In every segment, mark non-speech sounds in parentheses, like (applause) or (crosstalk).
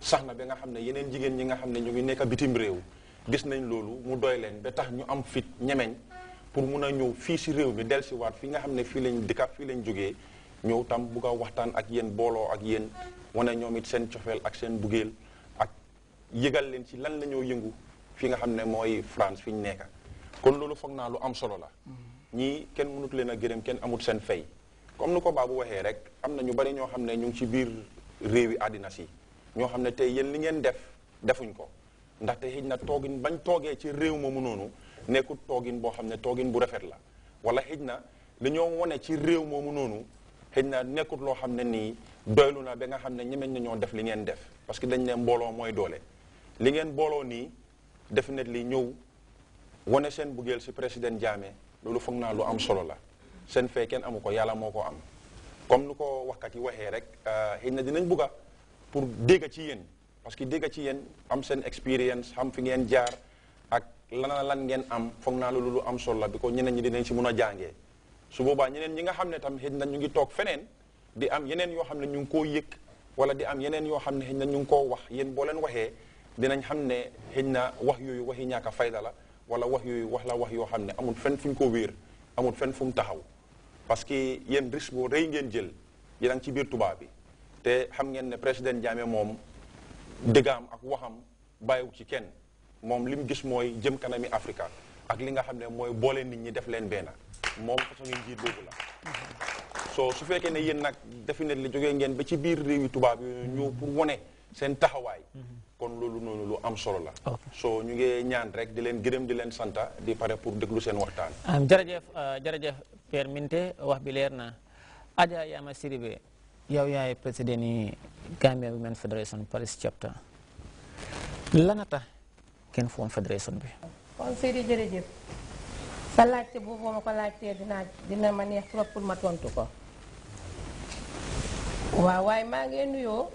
sax na bi nga xam ne yeneen jigéen ñi nga xam ne ñu ngi nekk bitim réew gis nañ loolu mu doy leen ba tax ñu am fit ñemeñ pour mun a ñëw fii si réew mi dellusiwaat fi nga xam ne fii lañ dëkk fii lañ jógee ñëw tam bugg a waxtaan ak yéen booloo ak yéen wane ñoom it seen cofeel ak seen bugeel ak yëgal leen ci lan la ñoo yëngu fi nga xam ne mooy France fi ñu nekk kon loolu foog naa lu am solo la. ñii kenn mënut leen a gërëm kenn amut seen fay comme nu ko bu waxee rek am na ñu bari ñoo xam ne ñu ngi ci biir réewi àddina si. ñoo xam ne tey yéen li ngeen def defuñ ko ndaxte xëj na toogin bañ toogee ci réew moomu noonu nekkul toogin boo xam ne toogin bu rafet la wala xëj na li ñoo wane ci réew moomu noonu xëj na nekkul loo xam ne nii doylu naa ba nga xam ne ñemeñ na ñoo def li ngeen def parce que dañ ne mbooloo mooy doole li ngeen booloo nii def net li ñëw wane seen buggeel si président Jammeh loolu foog naa lu am solo la seen fee kenn amu ko yàlla moo ko am comme nu ko waxkat yi waxee rek euh, xëj na dinañ bugga pour dégg ci yeen parce que dégg ci yeen am sen experience am fi ngeen jaar ak lana lan ngeen am foog naa loolu lu am solo biko bi ñeneen ñi dinañ ci mëna jàngé su boba ñeneen ñi nga xam tam xëy na ñu ngi tok feneen di am yeneen yo xam ñu ko yek wala di am yeneen yo xam ne xëy na ñu ngi wax yeen bo leen waxé dinañ xam ne na wax yoyu waxi ñaaka fayda la wala wax yoyu wax la wax yo xam amul fen fuñ ko wër amul fen fuñ taxaw parce que yeen risque bo reey ngeen jël yi a ci biir tuba bi te xam ngeen ne président Jammeh moom dëggaam ak waxam bàyyiwu ci kenn moom li mu gis mooy jëm kanami africa ak li nga xam ne mooy boole nit ñi def leen benn moom façon njiit boobu la. so su fekkee ne yéen nag definet li jógee ngeen ba ci biir réew tubaab yi ñëw pour wane seen taxawaay. kon loolu noonu lu am solo la. so ñu ngi ñaan rek di leen gërëm di leen santa di pare pour déglu seen waxtaan. jërëjëf jërëjëf Pierre wax bi leer na aja Yama Sidibé yow yaay président yi Gambia Women Federation Paris chapter lan a tax kenn foom fédération bi. kon Seydi jërëjëf sa laajte boobu ma ko laajtee dinaa dina ma neex trop pour ma tontu ko waaw waaye maa ngi nuyoo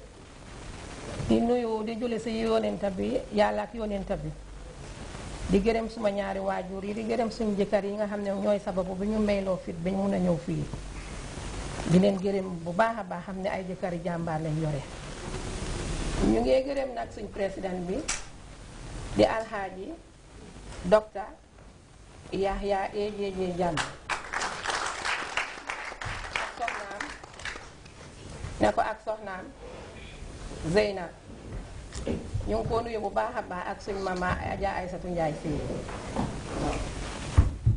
di nuyoo di julli si yonenta bi yàlla ak yonenta bi di gërëm suma ñaari waajur yi di gërëm suñu jëkkër yi nga xam ne ñooy sababu bi ñu mayloo fit bi ñu mun a ñëw fii. di leen gërëm bu baax a baax xam ne ay jëkkëri jàmbaar lañ yore ñu ngee gërëm nag suñ président bi di alxaaji docteur Yahya AJJ Jammeh ak soxnaam ne ko ak soxnaam Zeynab ñu ngi ko nuyu bu baax a baax ak suñ mama Adja Aysatu Njaay sii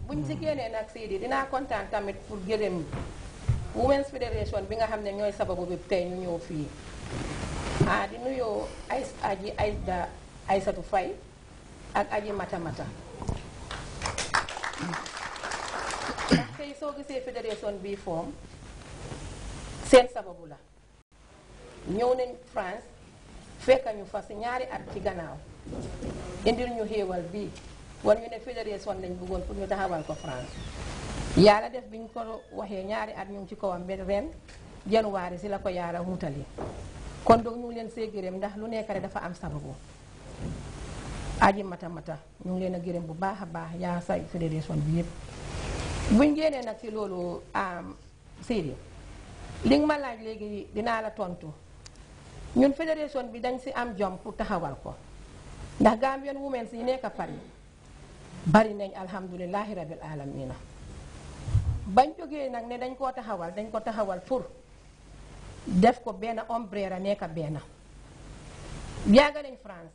buñ si génnee nag sii di dinaa kontaan tamit pour gërëm Women's Federation bi nga xam ne ñooy sababu bi tey ñu ñëw fii ah di nuyoo ay aji ay da Aysatu Fay ak aji Mata Mata ndax tey soo gisee fédération bii foom seen sababu la ñëw nañ France fekk ñu fa si ñaari at ci gannaaw indil ñu xéewal bii wan ñu ne fédération lañ bëggoon pour ñu taxawal ko France yàlla def bi biñ ko waxee ñaari at ñu ngi ci kawam benn ren januwaari si la ko yaara mutali kon donc ñu leen see gërëm ndax lu nekk rek dafa am sababu aji mata mata ñu ngi leen a gërëm bu baax a baax yaa say fédération bi yëpp buñ génnee nag ci loolu am Seydi li ma laaj léegi dinaa la tontu ñun fédération bi dañ si am jom taxawal ko ndax Gambian Women si nekk Paris bari nañ alhamdulilahi rabil alamina bañ jógee nag ne dañ koo taxawal dañ ko taxawal pour def ko benn ombrera nekka benn yàgg nañ France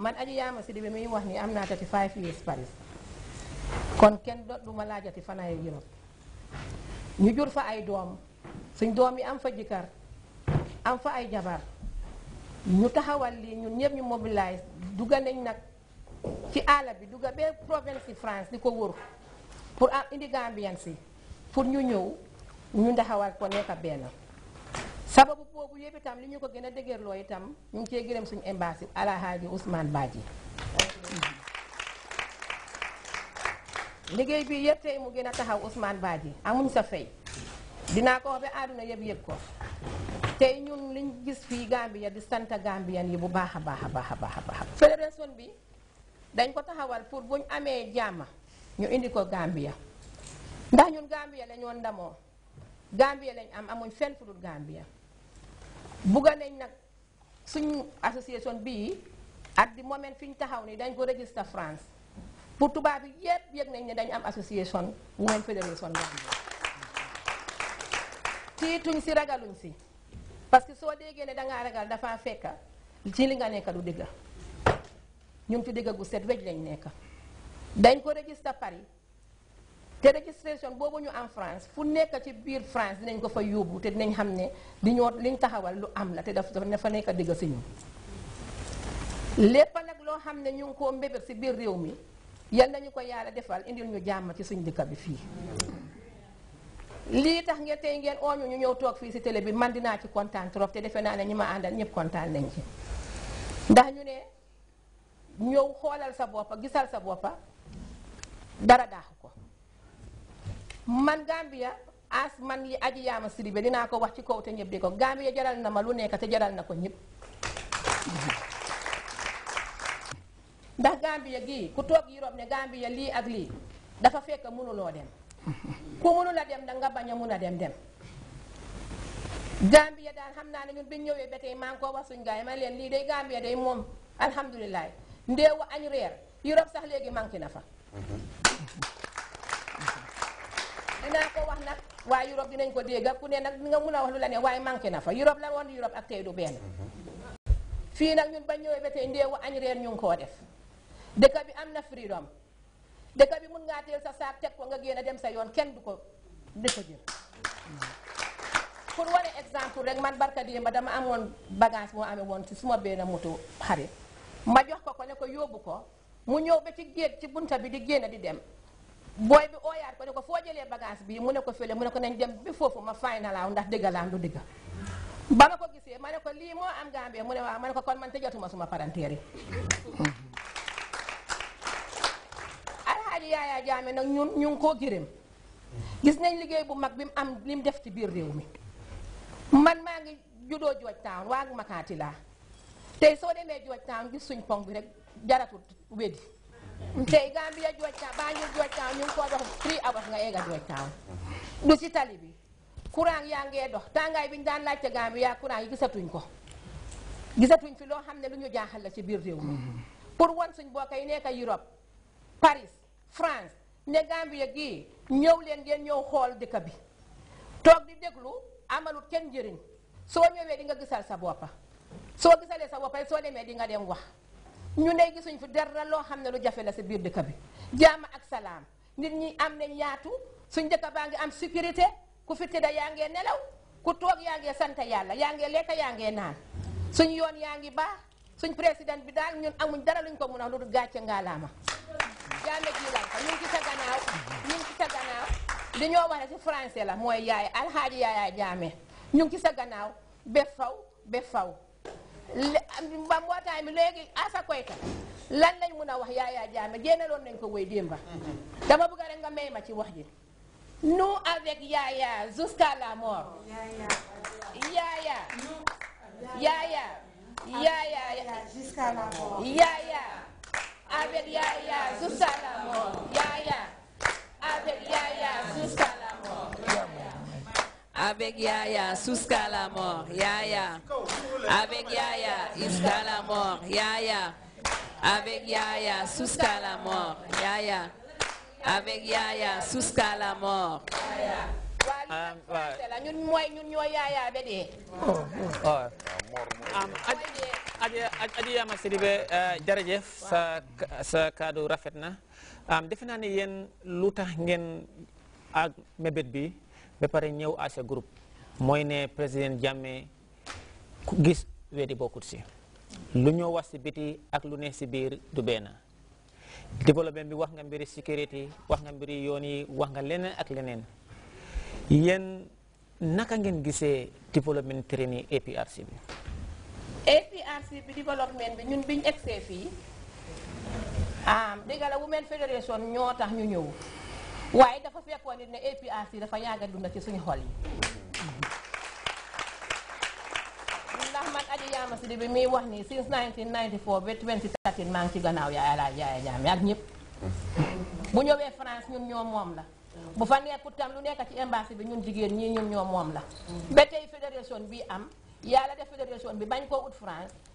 man aju yaama si dibi muy wax ni am naa tati five years Paris kon kenn dot du ma laajati fanaay Europe ñu jur fa ay doom suñ doom yi am fa jikkar am fa ay jabar ñu taxawal lii ñu ñëpp ñu mobilise dugga nañ nag ci àll bi dugga bee province yi France di ko wër pour am indi Gambians yi pour ñu ñëw ñu ndaxawal ko nekk benn sababu boobu yëpp itam li ñu ko gën a dëgërloo itam ñu ngi cee gërëm suñu embassy Alhaji Ousmane Badji liggéey bi yëpp mu gën a taxaw Ousmane Badji amuñ sa fay dinaa ko wax ba àdduna yëpp ko tey ñun liñ gis fii Gambia di sant Gambian yi bu baax a baax a baax a baax a baax fédération bi dañ ko taxawal pour buñ amee jàmm ñu indi ko Gambia ndax ñun Gambia la ñoon ndamoo Gambia lañ am amuñ fenn fu dul Gambia bugga nañ nag suñ association bii at di moment fi ñu taxaw ni dañ ko register France pour tubaab yi yépp yëg nañ ne dañ am association Women Federation Gambia tiituñ si ragaluñ si parce que soo déggee ne dangaa ragal dafa fekka ci li nga nekk du dëgg ñun ci dëgg gu set wéj lañ nekk dañ ko register Paris te registration boobu ñu en France fu nekk ci biir France dinañ ko fa yóbbu te dinañ xam ne li ñoo liñ taxawal lu am la te dafa dafa nekk dëgg si ñu lépp nag loo xam ne ñu ngi koo mbébét si biir réew mi yal nañu ko yàlla defal indil ñu jàmm ci suñ dëkk bi fii lii tax ngeen ngeen ooñu ñu ñëw toog fii si télé bi man dinaa ci kontaan trop te defe naa ne ñi ma àndal ñëpp kontaan nañ ci ndax ñu ne ñëw xoolal sa boppa gisal sa boppa dara daaxu ko man Gambia as man yi aji yaama siribe dinaa ko wax ci kaw te ñëpp di ko Gambia jaral na ma lu nekk te jaral na ko ñëpp ndax Gambia gii ku toog Europe ne gàmbiya lii ak lii dafa fekk mënuloo dem ku mënul dem da nga bañ a mun a dem dem Gambia daal xam naa ne ñun bi ñëwee ba tey maa ko wax suñ gars yi ma leen lii day Gambia day moom alhamdulilah ndeewu añ reer Europe sax léegi manqué na fa dinaa ko wax nag waa Europe dinañ ko dégg ku ne nag nga mun a wax lu la ne waaye manqué na fa Europe la woon Europe ak tey du benn fii nag ñun ba ñëwee ba tey ndéewu añ reer ñu ngi koo def dëkk bi am na freedom dëkk bi mun ngaa teel sa saak teg ko nga génn dem sa yoon kenn du ko di ko jël pour wane exemple rek man barka démb dama amoon bagage moo amee woon ci suma benn moto xarit ma jox ko ko ne ko yóbbu ko mu ñëw ba ci géej ci bunta bi di génn di dem booy bi oyaat ko ne ko foo jëlee bagage bii mu ne ko fële mu ne ko nañ dem bi foofu ma fay na laaw ndax dëgg laa du dëgg ba ma ko gisee ma ne ko lii moo am Gambie mu ne waaw ma ne ko kon man tëjatuma suma paranteer yi (laughs) alxaaji Yaya nag ñun ñu ngi koo gërëm gis nañ liggéey bu mag bi mu am li mu def ci biir réew mi man maa ngi judoo jooj town waa ngi makaati laa tey soo demee jooj town gis suñ pong bi rek jaratul wedi tey Gambia George Town Banjul George Town ñu ngi ko dox three hours nga egg a George Town du si tali bi courant yaa ngee dox tàngaay bi ñu daan laajte Gambia courant yi gisatuñ ko gisatuñ fi loo xam ne lu ñu jaaxal la ci biir réew mi pour wan suñ bokk yi nekk Europe Paris France ne Gambia gii ñëw leen ngeen ñëw xool dëkk bi toog di déglu amalut kenn njëriñ soo ñëwee di nga gisal sa boppa soo gisalee sa boppa soo demee di nga dem wax ñu ne gisuñ fi dara loo xam ne lu jafe la si biir dëkk bi jaama ak salaam nit ñi am nañ ñaatu suñ dëkk baa ngi am sécurité ku fi tëdda yaa ngee nelaw ku toog yaa ngee sant yàlla yaa ngee lekk yaa ngee naan suñ yoon yaa ngi baax suñ président bi daal ñun amuñ dara luñ ko mun a lu dul gàcce ngaalaama jaame jiiral ko ñu ngi ci sa gannaaw ñu ngi ci li ñoo wax ci français la mooy yaay alxaaji yaay jaame ñu ngi ci sa gannaaw ba faw ba faw ba mbootaay mi léegi Asa Koyta lan lañ mun a wax Yaya Jammeh génnaloon nañ ko wéy démba mm-hmm. dama bëgg rek nga may ma ci wax ji nous avec Yaya jusqu'à la mort Yaya Yaya Yaya jusqu'à la mort Yaya avec Yaya jusqu'à la mort Yaya avec Yaya jusqu'à la mort avec Yaya jusqu'à la mort, Yaya. Avec Yaya jusqu'à la mort, Yaya. Avec Yaya jusqu'à la mort, Yaya. Avec Yaya jusqu'à la mort. Ah, um, right. oh, oh. Um, ah, ah, Adiyama Sidibe euh, jërëjëf sa sa kaddu rafet na defe naa ne yéen lu tax ngeen ak mébét bi ba pare ñëw à ce groupe mooy ne président Jammeh ku gis weddi bokkut si lu ñëw wax si biti ak lu ne si biir du benn développement bi wax nga mbiri sécurité wax nga mbiri yoon yi wax nga leneen ak leneen yéen naka ngeen gisee développement training APRC bi APRC bi développement bi ñun biñ egsee fii ah, dégg la Women Federation ñoo tax ñu ñëw waaye dafa fekkoon nit ne APRC dafa yàgg a ci suñu xol yi ndax man aji yaama si di bi muy wax nii since 1994 ba 2013 maa ngi ci gannaaw yaaya laa yaaya jaam ak ñëpp bu ñëwee France ñun ñoo moom la bu fa nekkut tam lu nekk ci embassy bi ñun jigéen ñii ñun ñoo moom la ba tey fédération bi am yàlla def fédération bi bañ koo ut France